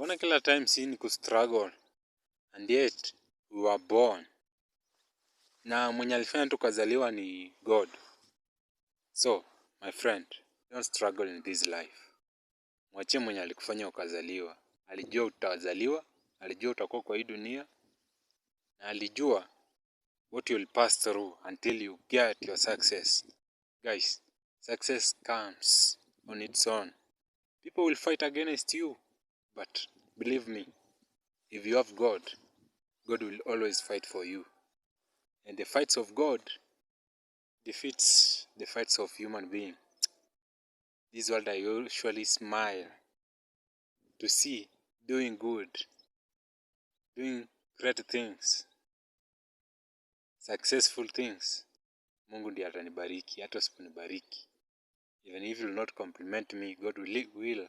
Mbona kila time si ni kustruggle and yet we were born, na mwenye alifanya tukazaliwa ni God. So my friend, don't struggle in this life. Mwachie mwenye alikufanya ukazaliwa. Alijua utazaliwa, alijua utakuwa kwa hii dunia, na alijua what you'll pass through until you get your success. Guys, success comes on its own. People will fight against you. But believe me, if you have God, God will always fight for you. And the fights of God defeats the fights of human being. This world I usually smile to see doing good, doing great things, successful things. Mungu ndiye atanibariki, hata usiponibariki. Even if you will not compliment me, God will, will